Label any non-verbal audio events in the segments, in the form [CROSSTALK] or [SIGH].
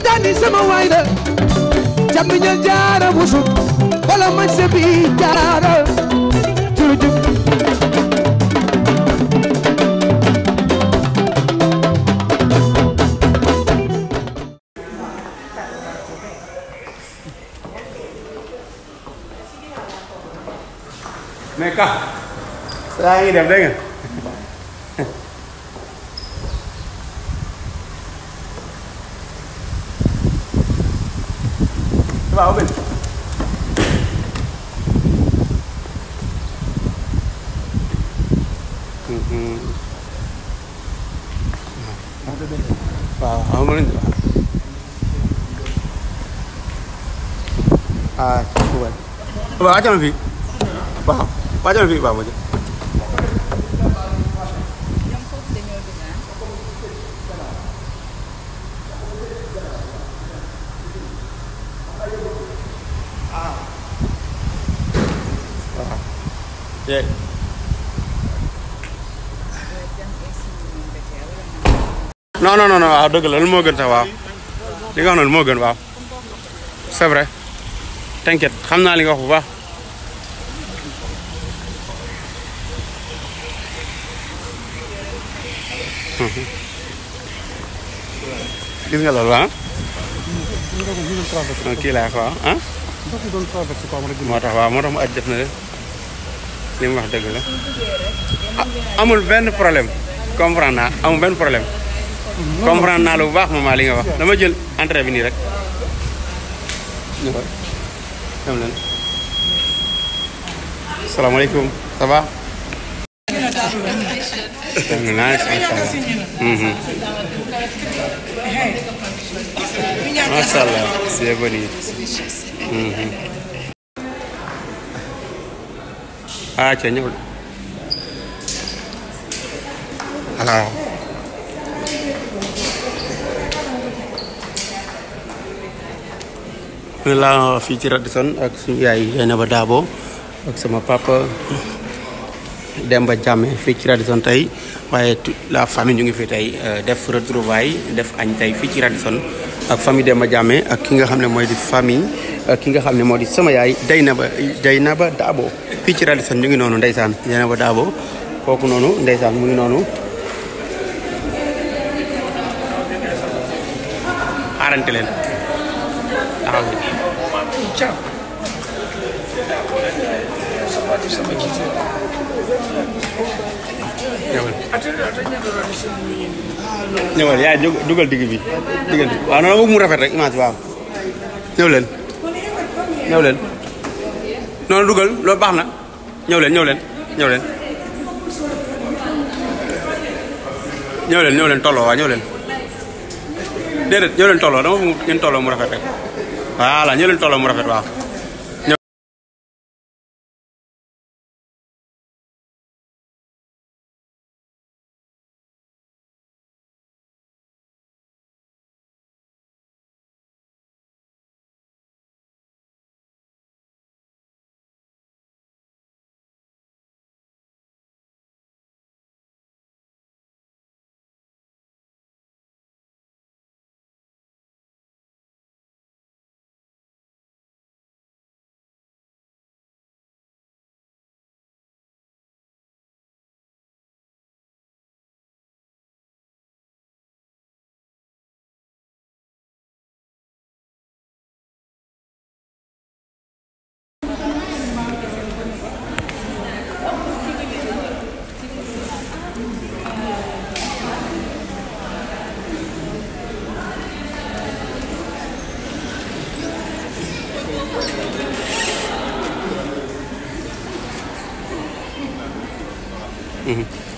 tijani sama waay la jambi ñal jaara busu wala man se bi jaara jurujub mais ka saa ngi def dégg waaw bëgg waaw xam nga ah waaw wàcc na fi waaw wàcc na fi waaw Yeah. non waaw ah, dëgg la lu moo gën sax waaw li nga xam ne lu moo gën waaw c'est vrai t'inquiète xam naa li nga wax bu baax. Hmm. gis nga loolu ah. kii laa ko ah. moo tax waaw moo tax mu aj def na de. li mu wax dëgg la amul benn problème comprendre naa amul benn problème comprendre naa la bu baax maman li nga wax dama jël entrée bi nii rek am leen salaamaaleykum ça va mhm. masha Allah c'est bon mhm. àcc ah, ñëw fii ci Radisson ak suñu yaay Jeynaba Dabo ak sama dem ba Jàmme fii ci Radisson tey waaye la famille ñu ngi fi tey euh, def retrouvaille def añ tey fii ci Radisson ak famille Demba jàmmee ak ki nga xam ne mooy di famille ki nga xam ne moo di sama yaay Dieynaba Dieynaba Dabo fii ci Radisson ñu ngi noonu ndeysaan Dieynaba Dabo kooku noonu ndeysaan mu ngi noonu arante leen taxaw ñëwal yaay dugal rafet rek image waaw ñëw leen ñëw leen noonu dugal loolu baax na ñëw leen ñëw leen ñëw leen ñëw leen ñëw leen tolloo waa ñëw leen déedéet ñëw leen tolloo dama ngeen tolloo mu rafet rek voilà ñëw leen tolloo mu rafet waaw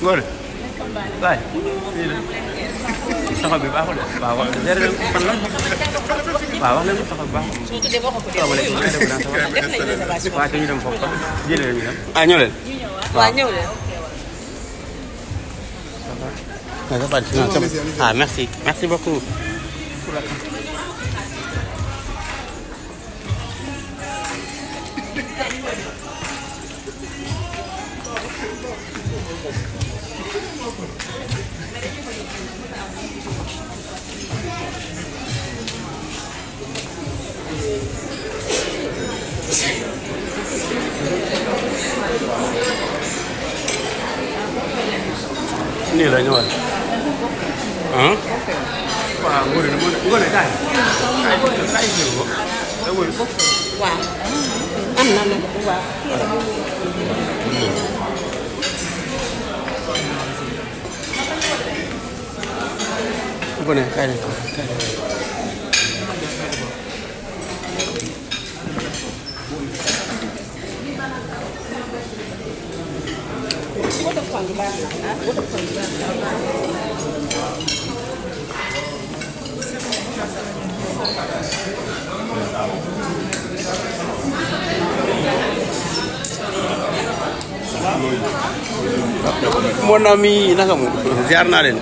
Ngoné waay taxaw bi baaxul de waaw wax dëgg fan la waaw wax nañu taxaw bi baaxul. su ko tuddee boo ko ko def waaw ñu dem foofu sax jëlee la ñu dem. ah ñëw leen. waaw ñëw leen. ah merci merci beaucoup. nii la ñëwal ah waaw Ngor yi Ngor yi kaay kaay jël ko waaw am na nag waaw bu ne kaay la kaay la mon ami naka mu ziar naa leen.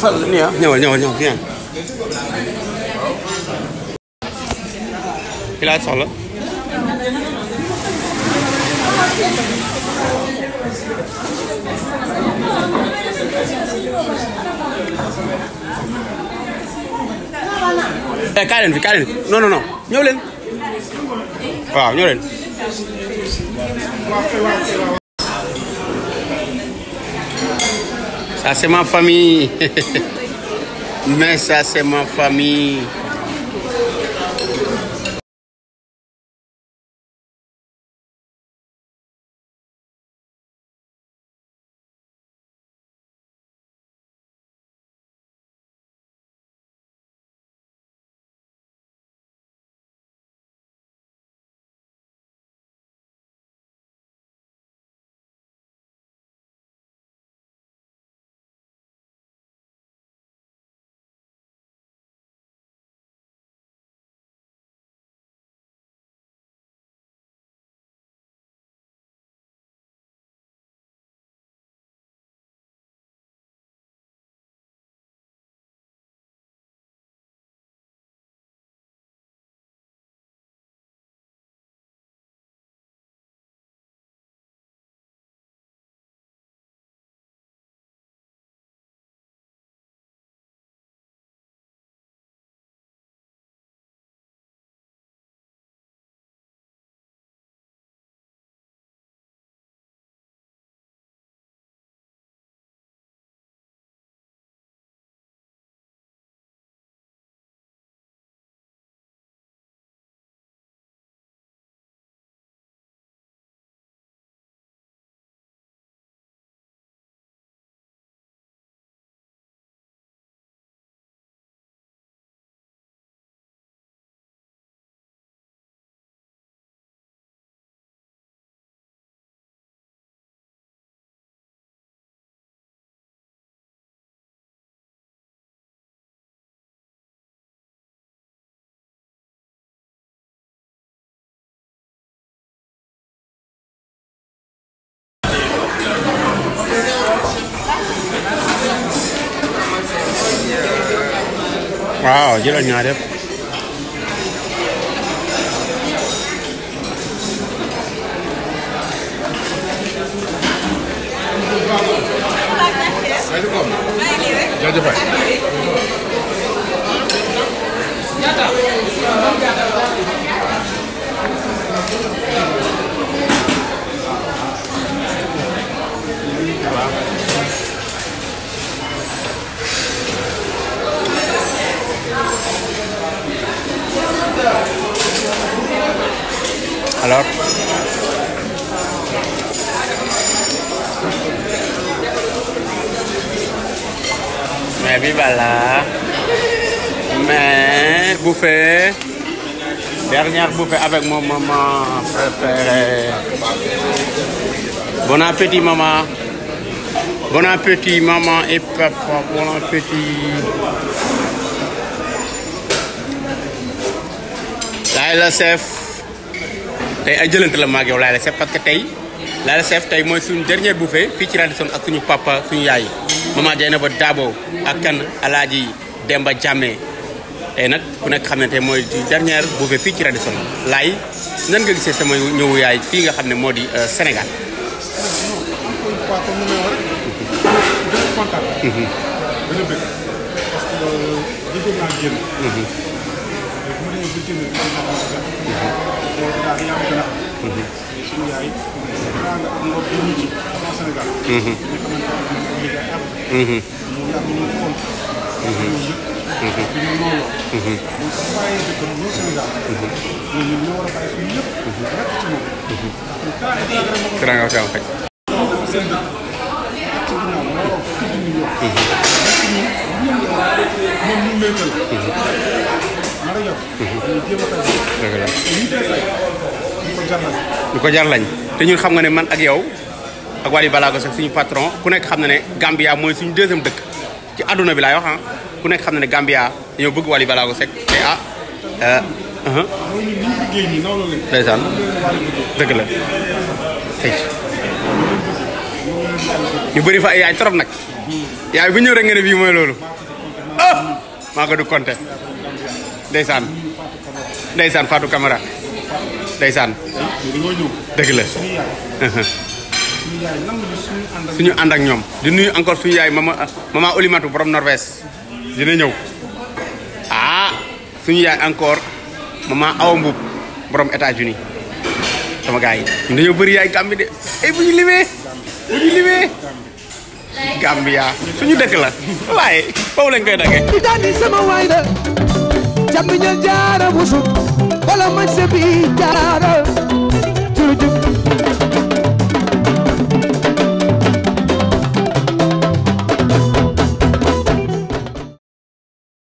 Fall nii ah ñëwal ñëwal ñëwal bien. ki laa soxla. Eh, kaay leen fi kaay leen fi non non non ñëw leen waaw ñëw leen. aussi. Ça c'est ma famille [LAUGHS] mais ça c'est waaw jëlal ñaar yëpp bi voilà mais bouffée dernière bouffée avec mon maman préférée bon maman bon maman et papa bon appétit Laila tey ay jëlant maag yow Laila Seif parce que tey Laila Seif tey mooy suñu dernière bouffée fii ci Radisson ak suñu papa suñu yaay maman Dieynaba Dabo ak kan alaaji Demba Jammeh tey nag ku nekk xam ne tey mooy ci dernière bouffée fii ci Radisson laay nan nga gisee sama ñëwu yaay fii nga xam ne moo di euh, Sénégal. Sénégal. nga xam xaj. dëgg ko jar lañ te ñun xam nga ne man ak yow. ak Wally Ballago Seck suñu patron ku nekk xam na ne Gambia mooy suñu deuxième dëkk ci àdduna bi laay wax ah. ku nekk xam na ne Gambia ñoo bëgg wali Ballago Seck te ah. Euh, uh-huh. ndeysaan dëgg la tey ñu bëri fa ay yaay trop nag yaay bu ñëw bii mooy loolu ah maa ko du compté ndeysaan la uh-huh. suñu ànd ak ñoom di nuyu encore suñu yaay mama mama Olimatu borom Norvège dina ñëw ah suñu yaay encore mama Awa Mbuub borom États-Unis sama gars yi ñu dañoo yaay Gàmbi de ay eh, bu ñu suñu dëkk la waaye foofu lañ koy dagge daandi sama waay la jàmm ñal jaara wala mañ se bi